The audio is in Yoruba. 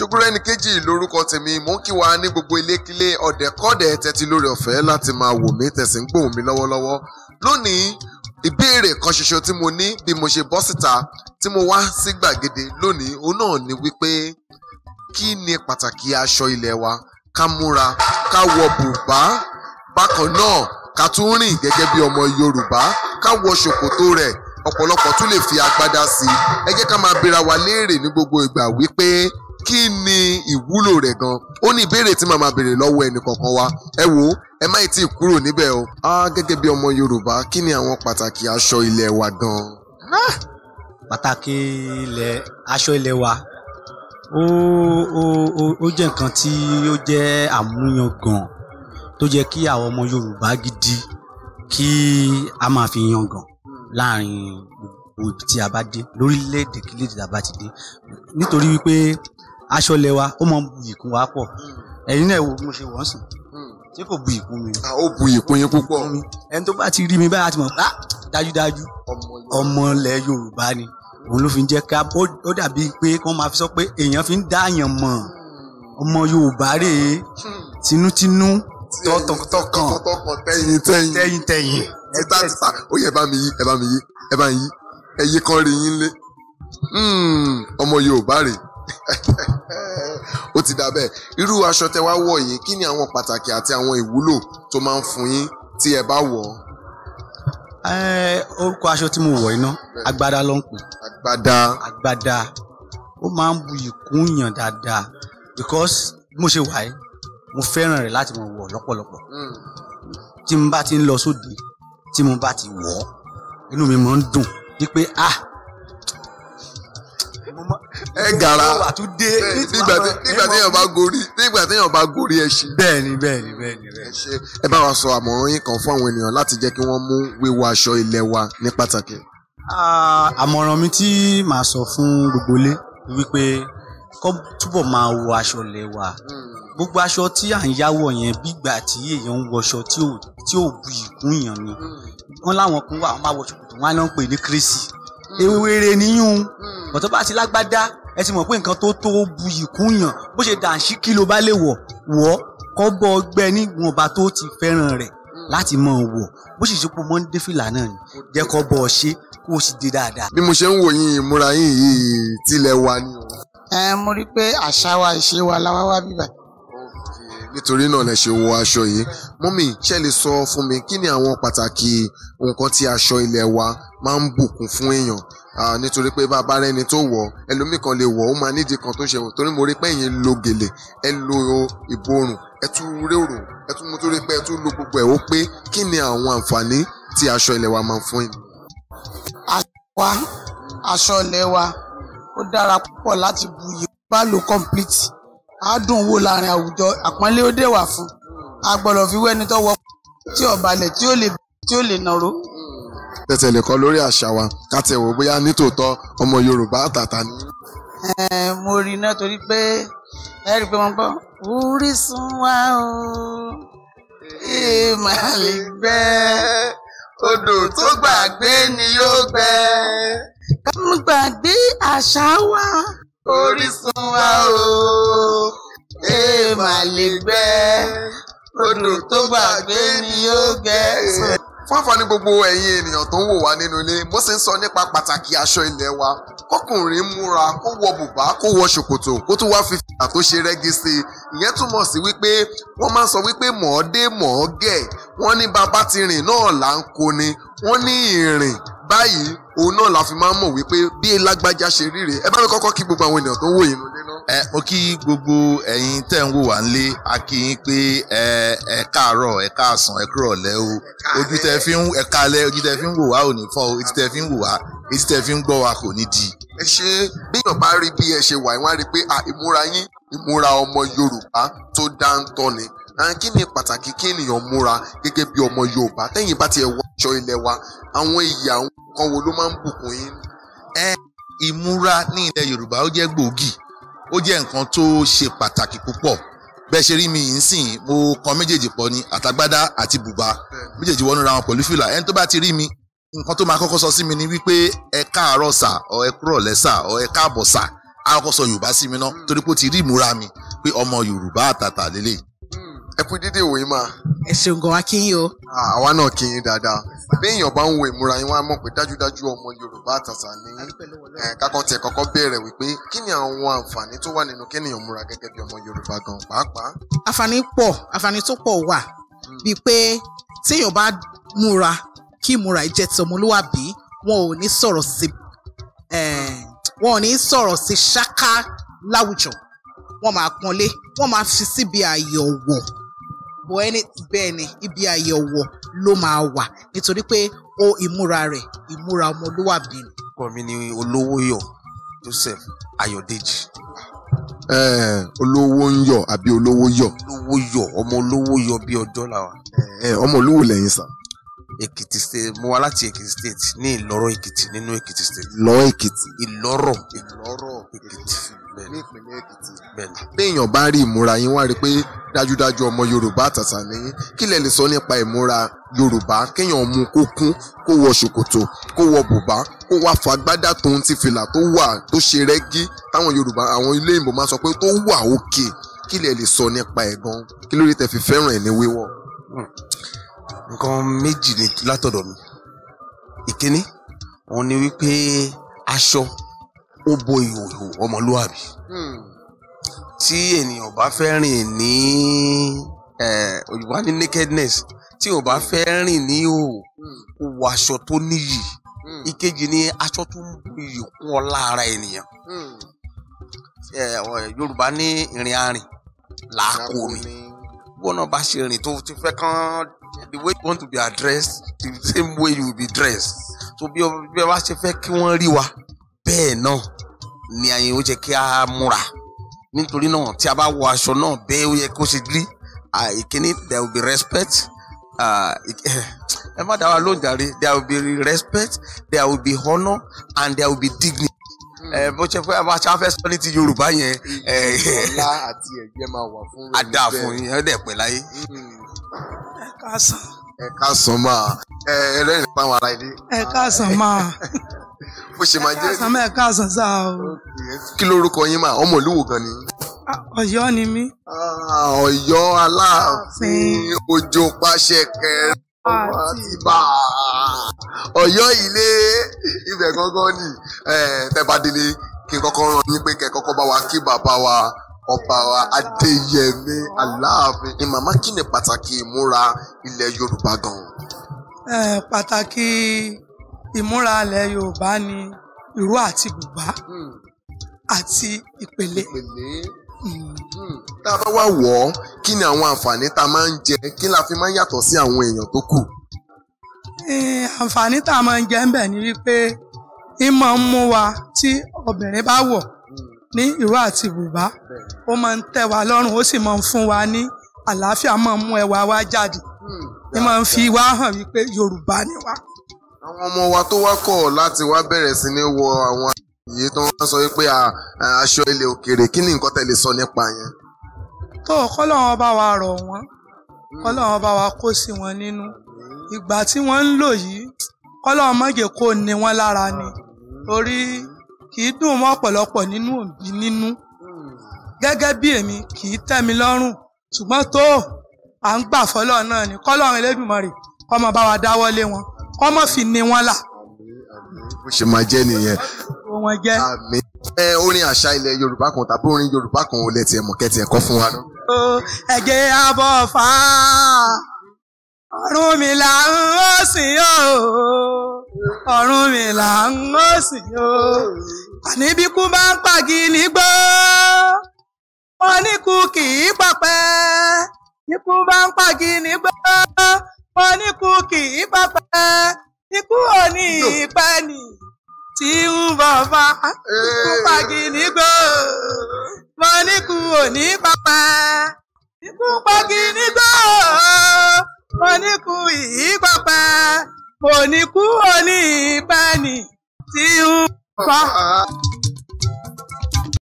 ṣùgbọ́n ẹnì kejì lórúkọ tèmi mò ń kí wa ní gbogbo ilékílé ọ̀dẹ̀kọ́dẹ̀ tẹ́tí lórí ọ̀fẹ́ láti máa wò mí tẹ̀sí ń gbóhùn mi lọ́wọ́lọ́wọ́ lónìí ìbéèrè kan ṣoṣo tí mo ní bí mo ṣe bọ́ síta tí mo wá sí gbàgede lónìí òun náà ni wípé kí ni pàtàkì aṣọ ilẹ̀ wa ká múra ká wọ bùbá bákan náà ká tún rìn gẹ́gẹ́ bí ọmọ Yorùbá ká wọ ṣòkòtò rẹ̀ ọ̀pọ̀lọpọ̀ tún lè fi agbádá sí ẹ jẹ́ ká máa bèra wa léèrè ní gbogbo ìgbà wípé kí ni ìwúlò rẹ̀ gan ó ní ìbéèrè tí màmá béèrè lọ́wọ́ ẹnì wa ẹ wo ẹ má tí ì kúrò níbẹ̀ o á gẹ́gẹ́ bí ọmọ Yorùbá kí ni àwọn pàtàkì aṣọ ilẹ̀ wa gan. pàtàkì ilẹ̀ aṣọ ilẹ̀ wa ó ó ó jẹ́ nǹkan tí ó jẹ́ àmúyangàn tó jẹ́ kí àwọn ọmọ Yorùbá gidi kí a máa fi yangàn láàrin gbogbo ibi tí a bá dé lórílẹ̀‐èdè kílẹ̀ tí a bá ti dé nítorí wípé aṣọ lẹ wa ó máa ń bu ìkún wa pọ̀ hmm. ẹ̀yin náà wo mo ṣe wọ́n sùn hmm. ṣé kò bu ìkún mi. a ah, ó bu ìkún yín púpọ̀. ẹni tó bá ti rí mi báyà ti mọ̀ bá ah, dájúdájú ọmọ ilẹ̀ Yorùbá ni òun ló fi ń jẹ́ ká ó dàbí pé kí wọ́n máa fi sọ pé èèyàn fi ń dáàyàn mọ̀ hmm. ọmọ Yorùbá rèé tinútinú tọkàn tẹ̀yìn tẹ̀yìn tẹ̀yìn tẹ̀yìn títà títà ó yẹ ẹ bá mi yí ẹ bá mi yí ẹ bá mi yí ẹyí kan rí yín lé ọmọ Yorùbá rèé. ó ti dà bẹ́ẹ̀ irú aṣọ tẹ wá wọ̀ yìí kí ni àwọn pàtàkì àti àwọn ìwúlò tó máa ń fún yín tí ẹ bá wọ̀ ọ́. orúkọ aṣọ tí mo wọ̀ iná agbádá ló ń pè. agbádá. agbádá ó máa ń bu ìkún yàn dáadáa because mo ṣe wà yìí mo fẹ́ràn rẹ̀ láti mọ̀ wọ̀ lọ́pọ̀lọpọ̀ hmm. tí mo bá ti ń lọ sóde tí mo bá ti wọ̀ inú mi máa ń dùn wípé ah fẹ́ gara nígbà téèyàn bá gorí nígbà téèyàn bá gorí ẹṣin. bẹ́ẹ̀ni bẹ́ẹ̀ni bẹ́ẹ̀ni bẹ́ẹ̀ni. ẹ bá wa sọ àmọ̀ràn yín kan fún àwọn ènìyàn láti jẹ́ kí wọ́n mú wíwọ̀ aṣọ ilé wa ní pàtàkì. àmọ̀ràn mi tí màá sọ fún gbogbo ilé wípé kọ́ túbọ̀ máa wọ aṣọ ilé wa hmm. gbogbo aṣọ tí à ń yáwọ̀ yẹn bígbà tí èèyàn ń wọṣọ tí ò bu ìkún èèyàn ni hmm. wọn láwọn kan wà wọn máa wọṣọ kùtù wọn á náà pè ní kérésì hmm. ewéwéré níyún bọ̀tọ́ bá ti lágbádá ẹ ti mọ̀ pé nǹkan tó tó bu ìkún yàn bó ṣe dànṣí kí ló bá lè wọ̀ wọ́ kọ́ bọ́ ọgbẹ́ níwọ̀nba tó ti fẹ́ràn rẹ̀ hmm. láti mọ̀ ọ́ wọ̀ bó ṣe pé mọ́ ń fìlà náà ni jẹ́ kọ́ ṣe kó o sì dé dáadáa. bí mo ṣe ń wò yín ìmúra yín yìí tilẹ̀ wa ni. ẹ mo rí pé àṣà wa ìṣe wa láwa wá bíbáyìí nítorí náà lẹ ṣe wọ aṣọ yìí mọ́mì ṣe lè sọ fún mi kí ni àwọn pàtàkì nǹkan tí aṣọ ilẹ̀ wa máa ń bùkún fún èèyàn nítorí pé bàbá rẹ ni tó wọ̀ ẹlòmíì kan lè wọ̀ ó máa nídìí kan tó ṣe wọ̀ torí mo rí pé ẹ̀yin lo gèlè ẹ lo ìborùn ẹ tún rérò ẹ tún mú tó rí pé ẹ tún lo gbogbo ẹ̀ ó pé kí ni àwọn àǹfààní tí aṣọ ilẹ̀ wa máa ń fún ènìyàn. àwa aṣọ ilẹ̀ wa ó dára púpọ̀ láti bu yìí lo complete àádùn wò láàrin àwùjọ àpọ́nlé ó dé wà fún a gbọ́dọ̀ fi wẹ́ni tó wọ tí ò balẹ̀ tí ó lè tí ó lè nàró. tẹ̀tẹ̀ lè kọ́ lórí àṣà wa ká tẹ̀ wò bóyá nítòótọ́ ọmọ Yorùbá àtàtà ni. mo rí iná torí pé ẹ rí i pé wọ́n bọ̀ orísun wa o èèmà lè gbẹ odò tó gbàgbé ni yóò gbẹ. ká gbàgbé àṣà wa orísun wa o ee mà lè gbẹ odò tó gbàgbé ni ó gẹ. fún àǹfààní gbogbo ẹ̀yin ènìyàn tó ń wò wá nínú ilé mo sì ń sọ nípa pàtàkì aṣọ ilé wa kọkùnrin múra kó wọ bùbá kó wọ ṣòkòtò kó tún wá fi fìlà tó ṣe rẹ́gí sí i ìyẹn túmọ̀ sí wípé wọ́n máa ń sọ wípé mọ̀ọ́dé mọ̀ọ́gẹ̀ wọ́n ní bàbá náà là ń kó wọ́n ní ìrìn báyìí òun náà la fi máa ń mọ̀ wípé bí lágbájá ṣe ríre ẹ bá mi kọ́kọ́ kí gbogbo àwọn ènìyàn tó ń wò inú ilé náà. ẹ mo kí gbogbo ẹ̀yin tẹ́ ń wò wá nílé a kí pé ẹ ẹ káàárọ̀ ẹ káàsán ẹ kúrọ̀lẹ́ o ojú tẹ́ fi ń ẹ kálẹ́ ojú tẹ́ fi ń wò wá ò ní etí tẹ́ fi ń wò wá etí tẹ́ fi ń gbọ́ wa kò ní di. ẹ ṣe bíyàn bá rí bí ẹ ṣe wà wọn á rí pé ìmúra yín ìmúra ọmọ Yorùbá tó dáńtọ́ ni kí ni pàtàkì kí ènìyàn múra gẹ́gẹ́ bí ọmọ Yorùbá tẹ́yìn bá tiẹ̀ wọ aṣọ ilẹ̀ wa àwọn iyì àwọn nǹkan wo ló máa ń bùkún yín. ẹ ìmúra ní ilẹ̀ Yorùbá ó jẹ́ gbòógì ó jẹ́ nǹkan tó ṣe pàtàkì púpọ̀ bẹ́ẹ̀ ṣe rí mi yìí sìn mo kan méjèèjì pọ̀ ni àtàgbádá àti bùbá méjèèjì wọnú ra wọn pẹ̀lú fìlà ẹni tó bá ti rí mi nǹkan tó máa kọ́kọ́ sọ sí mi ni wípé ẹ káàárọ̀ sà ọ ẹ kúrọ̀ lẹ́sà ọ ẹ káàbọ̀ sà á kọ́kọ́ sọ Yorùbá sí mi náà torí pé ó ti rí ìmúra mi pé ọmọ Yorùbá àtàtà lélẹ̀ ẹ kú dídé ìwòye máa. ẹ ṣeun gan wa kí yín o. Ah, àwa náà kí yín dáadáa béèyàn bá ń wo ìmúra yín wá mọ̀ pé dájúdájú ọmọ Yorùbá àtàtà ni kákan tiẹ̀ kọ́kọ́ bẹ̀rẹ̀ wípé kí ni àwọn àǹfààní tó wà nínú kéèyàn múra gẹ́gẹ́ bí ọmọ Yorùbá gan pàápàá. àǹfààní pọ̀ àǹfààní tó pọ̀ wà hmm. bíi pé téèyàn bá múra kí ìmúra jẹ́ ti ọmọlúwàbí wọn ò ní sọ̀rọ̀ sí wọn ò ní sọ̀rọ̀ sí ṣáká láwùjọ wọn máa pọ́nlé wọn máa fi síbi àyọ̀wọ̀ bọ̀ ẹni bẹ́ẹ̀ ni ibi àyẹ̀wò ló máa wà nítorí pé ó ìmúra rẹ̀ ìmúra ọmọlúwàbí ni. ọkọ mi ni olówó yọ Joseph Ayọ̀dèjì. olówó ń yọ àbí olówó yọ. olówó yọ ọmọ olówó yọ bí ọjọ́ ẹ ọmọ olówó lẹ́yìn sàn. Èkìtì state mo wá láti Èkìtì state ní Ìlọ́rọ̀ Èkìtì nínú Èkìtì state. Ìlọ́rọ̀ Èkìtì. Ìlọ́rọ̀ Ìlọ́rọ̀ Èkìtì ní ìpínlẹ̀ Èkìtì. béèyàn bá rí ìmúra yín wá rí i pé dájúdájú ọmọ Yorùbá àtàtà nìyí kí lẹ lè sọ nípa ìmúra Yorùbá kéèyàn mú kó kún kó wọ ṣòkòtò kó wọ bùbá kó wá fagbádá tòun ti fìlà tó wà tó ṣe rẹ́gí táwọn Yorùbá àwọn ilé ìbò máa sọ pé tó wà òkè kí lẹ lè sọ nípa ẹ̀ kí lórí tẹ́ fi fẹ́ràn ẹ̀ ní wíwọ̀. Hmm nǹkan méjì ni látọ̀dọ̀ mi ìkíní òun ni wípé aṣọ ó bo ìhòòhò ọmọlúwàbí hmm. tí ènìyàn bá fẹ́ rìn ní òyìnbó ní nakedness tí ò bá fẹ́ rìn ní òhò hmm. kó wọ aṣọ tó níyì hmm. ìkejì ni aṣọ tó ń bu iyì kún ọlá ara ènìyàn yorùbá ní ìrìn arìn làákò mi gbọ́nà bá ṣe rìn tó ti fẹ́ kán the way you want to be addressed the same way you will be dressed so bí ẹ bá ṣe fẹ́ kí wọ́n rí wa bẹ́ẹ̀ náà ni àyè ó jẹ́ kí a múra nítorí náà tí a bá wọ aṣọ náà bẹ́ẹ̀ ó yẹ kó ṣe rí ìkíní there will be respect ẹ má dá wa lóhùn jàre there will be respect there will be honour and there will be dignity ẹ eh, mm. bó ṣe pé àwọn aṣáá fẹ́ sọ ní ti yorùbá yẹn. ọlá eh, àti ẹgbẹ́ máa wà fún rẹ. adá fún yín ẹdẹ pẹ láyé. Mm. ẹ káàsán. ẹ káàsán máa eh, ẹ ẹlẹ́rìí nípa àwọn ará ilé. ẹ káàsán máa. bó ṣe máa jẹ́ ẹ káàsán máa ẹ káàsán sá o. kí lórúkọ yín máa ọmọ ìlú gan ni. ọ̀yọ́ ni mí. Ah, ọ̀yọ́ aláàfin ojo pàṣẹ kẹrin àti bàá. Ọ̀yọ́ ilé ibẹ̀ gangan ni tẹbadele kí n kọ́kọ́ ràn yín pé kẹ́ kọ́kọ́ bá wa kí bàbá wa ọba wa Adéyẹmí Aláàfin ni màmá kí ni pàtàkì ìmúra ilẹ̀ Yorùbá gan. pàtàkì ìmúra ilẹ̀ Yorùbá ni ìró àti bùbá hmm. àti ìpèlé hmm. hmm. tá a bá wá wọ̀ kí ni àwọn àǹfààní tá a máa ń jẹ kí la fi máa ń yàtọ̀ sí àwọn èèyàn tó kù. Eh, àǹfààní tá a máa ń jẹ ń bẹ̀ ni wípé ìmọ̀ ń mú wa tí obìnrin bá wọ̀ ní ìró àti bùbá ó máa ń tẹ́ wa lọ́rùn ó sì máa ń fún wa ní àlàáfíà máa ń mú ẹwà wa jáde ní máa ń fi wá hàn wípé Yorùbá ni wá. àwọn ọmọ wa tó wá kọ̀ láti wá bẹ̀rẹ̀ sí ní wọ àwọn àyè tó wọ́n sọ pé aṣọ ilẹ̀ òkèèrè kí ni nǹkan tẹ̀lé sọ nípa yẹn. tó kọ́ lọ́wọ́ bá wa rọ̀ wọ́n kọ́ lọ́wọ́ bá wa kó sí wọn nínú ìgbà tí wọ́n ń lò yìí kọ́lọ́ọ̀ mọ́jẹ̀ kó ní wọ́n lára ni torí kì í dùn mọ́ ọ̀pọ̀lọpọ̀ nínú òbí nínú gẹ́gẹ́ bí èmi kì í tẹ́ mi lọ́rùn ṣùgbọ́n tó à ń gbà fọ́lọ́ náà ni kọ́lọ́ọ̀ Elédùmarè kó má bá wa dáwọ́ lé wọn kó má fi ní wọn là. bó ṣe máa jẹ́ nìyẹn. ẹ orin àṣà ilẹ̀ Yorùbá kan tàbí orin Yorùbá kan ò lẹ́tì ẹ̀mọ̀kẹ́tì ẹ̀kọ́ fún wa náà. ẹ̀jẹ̀ abọ́ fà á ọ̀run mi là ń ó sìn ó ọ̀run mi là ń ó sìn ó àní bí kú bá ń pàgì nígbó oníkú kì í pàpẹ́ ikú bá ń pàgì nígbó oníkú kì í pàpẹ́ ikú òní ìpẹ́ nì tí ń bọ̀ bá ikú pàgì nígbó oníkú òní pàpẹ́ ikú pàgì nígbó oníkú ìyípapa oníkú oníbàní tí ń kọ́.